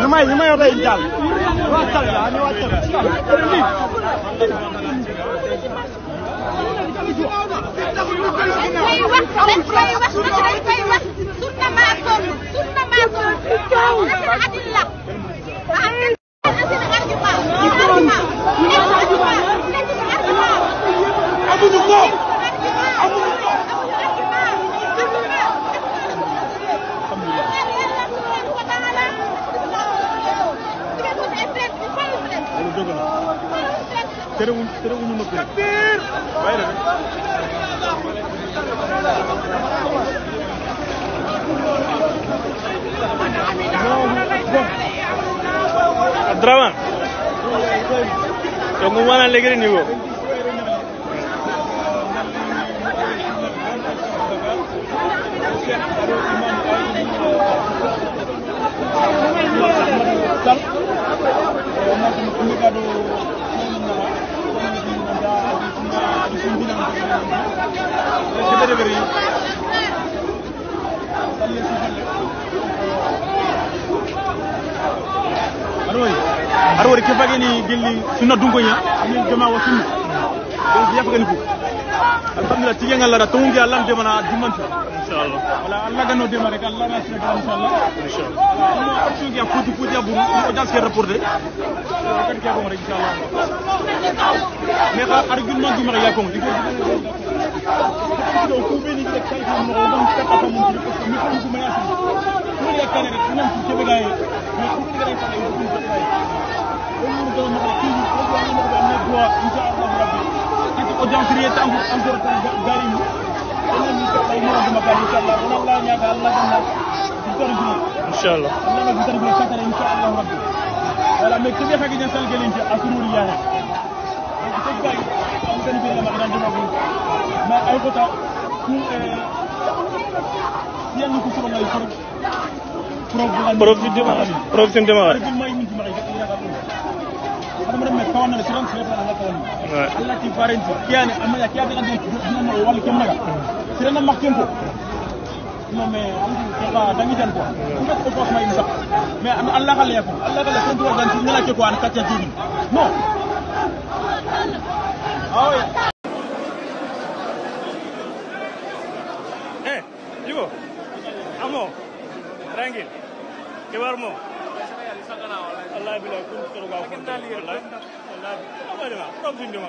Lumai, lumai ada injal. Wajar ya, ini wajar. Ini. Sunna ma'akum, sunna ma'akum. Sunna ma'akum. Sunna ma'akum. terewul terewul ñu ma bëri waaye nag Abdourahmane donc mu maanaam léegi nii woo delivery. aɗa waɗi kefageni gelli sunna dunkoña min jama wa sunna donc yafagani fo alhamdulillah tigel ngal laɗa tongugue a lamdemana dimmantu inshallah wala alla gano dema rek alla ras rek inshallah inshallah amma action ki apu tu puja buru ko jas ke reporter kan ke ko rek inshallah me ka argument du mari yakon diko do ko be ni tek tay mo do ta ta mo ko mi ko ko maya ko ni yakane rek nam ci tebe gay ko ko ni gay tay ko ko tay ko mo do mo ko ni ko ko ni ko ni ko inshallah rabbi ko audience ri tan ko encore tan gari inshallah voilà mais kadi haqi jan salgelinke a sururi yahe teggay amtani birelama idan jomagu ma ay kota ku yanni ku soronay pro prof sim dema waɗ kawannaɗe siran sireaa allah kawanni allah ti farenci kiyane amma ya kiyaɓe adi dinanna o walla kemnaga Sirena mak tempo mais an dangitan quoi ngat ko ko may sax mais an Allah kala yakun Allah kala kon tuwa ganti ngala ke ko an kacca jodi non aw eh ibo amo rangil ke warmo Allah bila kun toro ga ko Allah Allah ma dama prof dindi ma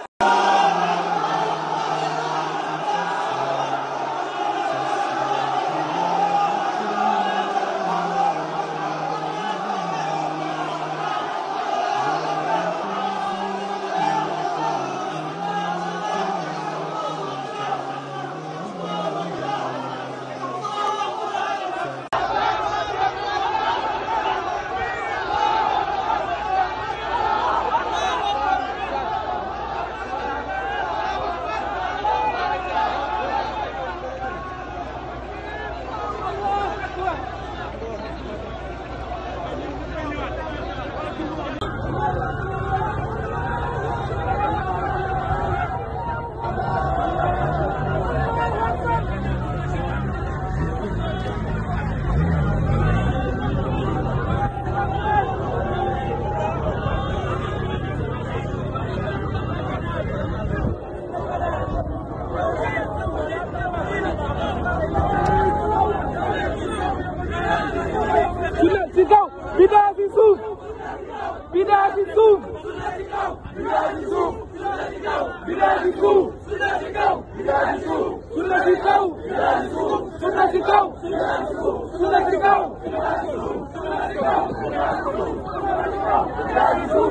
ci kaw bidaa ci suuf bidaa ci suuf bidaa ci suuf bidaa ci suuf bidaa ci suuf sunna ci kaw sunna ci kaw sunna ci kaw